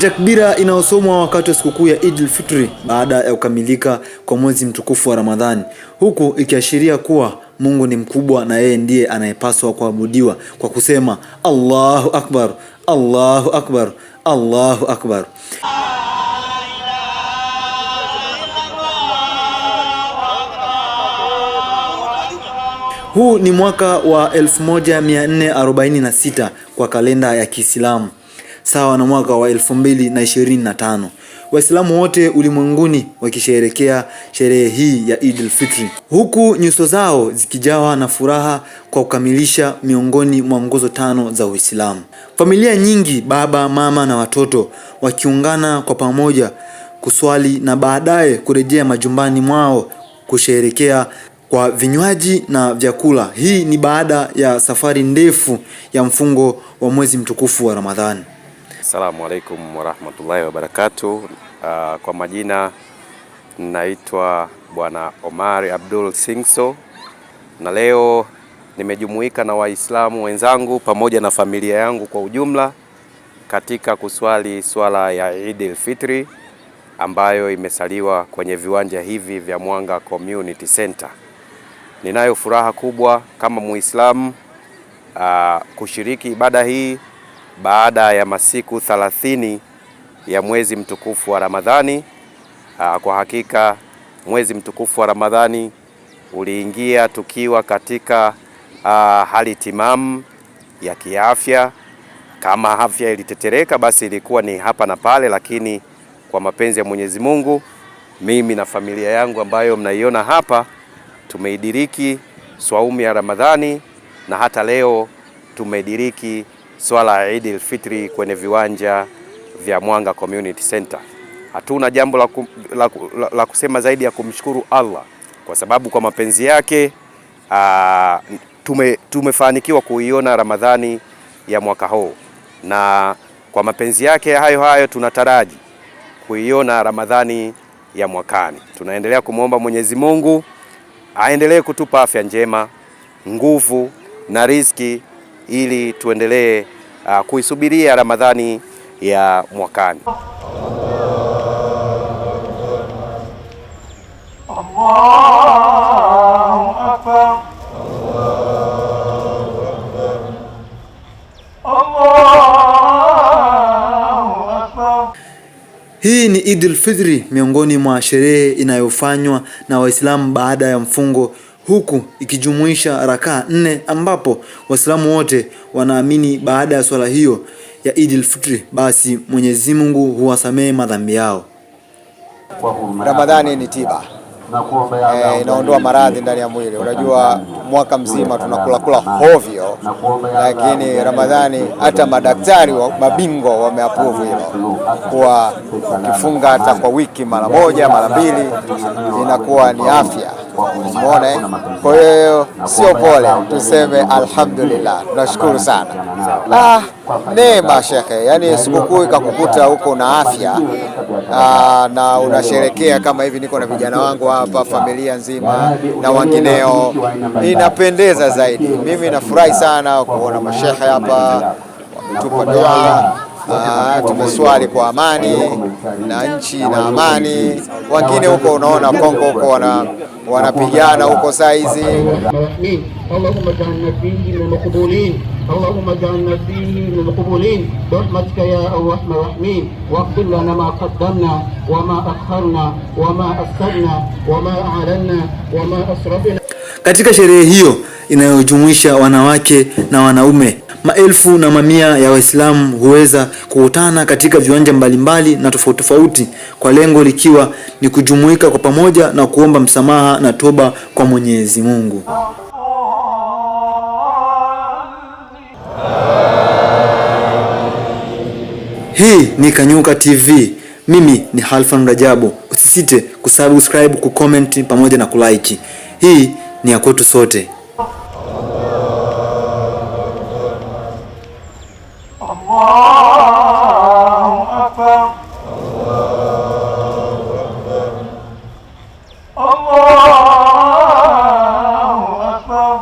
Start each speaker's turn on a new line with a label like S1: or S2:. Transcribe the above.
S1: takbira inayosomwa wakati wa sikukuu ya al-Fitr baada ya kukamilika kwa mwezi mtukufu wa Ramadhani, huku ikiashiria kuwa Mungu ni mkubwa na yeye ndiye anayepaswa kuabudiwa kwa kusema Allahu Akbar, Allahu Akbar, Allahu Akbar. Huu ni mwaka wa 1446 kwa kalenda ya Kiislamu sawa na mwaka wa 2025. Waislamu wote ulimwenguni wakisherehekea sherehe hii ya Eid al-Fitr, huku nyuso zao zikijawa na furaha kwa kukamilisha miongoni mwa nguzo tano za Uislamu. Familia nyingi, baba, mama na watoto wakiungana kwa pamoja kuswali na baadaye kurejea majumbani mwao kusherehekea kwa vinywaji na vyakula. Hii ni baada ya safari ndefu ya mfungo wa mwezi mtukufu wa Ramadhani
S2: asalamu alaikum warahmatullahi wabarakatu Uh, ah, kwa majina naitwa Bwana omar Abdul Singso na leo nimejumuika na Waislamu wenzangu pamoja na familia yangu kwa ujumla katika kuswali swala ya Eid al-Fitri ambayo imesaliwa kwenye viwanja hivi vya Mwanga Community Center. Ninayo furaha kubwa kama Muislamu uh, kushiriki ibada hii baada ya masiku thalathini ya mwezi mtukufu wa Ramadhani. Ah, kwa hakika mwezi mtukufu wa Ramadhani uliingia tukiwa katika ah, hali timamu ya kiafya. Kama afya ilitetereka, basi ilikuwa ni hapa na pale, lakini kwa mapenzi ya Mwenyezi Mungu, mimi na familia yangu ambayo mnaiona hapa tumeidiriki swaumu ya Ramadhani na hata leo tumediriki swala ya Eid al-Fitri kwenye viwanja vya Mwanga Community Center. Hatuna jambo la, ku, la, la, la kusema zaidi ya kumshukuru Allah kwa sababu kwa mapenzi yake aa, ah, tume, tumefanikiwa kuiona Ramadhani ya mwaka huu na kwa mapenzi yake hayo hayo tunataraji kuiona Ramadhani ya mwakani. Tunaendelea kumwomba Mwenyezi Mungu aendelee kutupa afya njema, nguvu na riziki ili tuendelee uh, kuisubiria Ramadhani ya mwakani.
S1: Hii ni Idul Fitri miongoni mwa sherehe inayofanywa na Waislamu baada ya mfungo huku ikijumuisha rakaa nne ambapo Waislamu wote wanaamini baada ya swala hiyo ya al-Fitr basi Mwenyezi Mungu huwasamehe madhambi yao.
S3: Ramadhani ni tiba e, inaondoa maradhi ndani ya mwili. Unajua, mwaka mzima tunakulakula hovyo, lakini Ramadhani hata madaktari wa, mabingwa wameapuvu hilo kuwa ukifunga hata kwa wiki mara moja mara mbili inakuwa ni afya Umeona, kwa hiyo sio pole, tuseme alhamdulillah, tunashukuru sana. Ah, neema shekhe, yaani sikukuu ikakukuta huko na afya ah, na unasherekea kama hivi. Niko na vijana wangu hapa, familia nzima na wengineo, inapendeza zaidi. Mimi nafurahi sana kuona mashekhe hapa wametupa dua tumeswali kwa amani na nchi na amani. Wengine huko unaona Kongo huko wana wanapigana huko saa hizi. Allahumma ja'alna fihi min al-maqbulin Allahumma ja'alna fihi min al-maqbulin birahmatika ya arhamar
S1: rahimin waghfir lana ma qaddamna wa ma akharna wa ma wa ma a'lanna wa ma asrafna. Katika sherehe hiyo inayojumuisha wanawake na wanaume Maelfu na mamia ya Waislamu huweza kukutana katika viwanja mbalimbali na tofauti tofauti, kwa lengo likiwa ni kujumuika kwa pamoja na kuomba msamaha na toba kwa Mwenyezi Mungu. Hii ni Kanyuka TV. Mimi ni Halfan Rajabu. Usisite kusubscribe, kucomment pamoja na kulike. Hii ni ya kwetu sote. Akbar.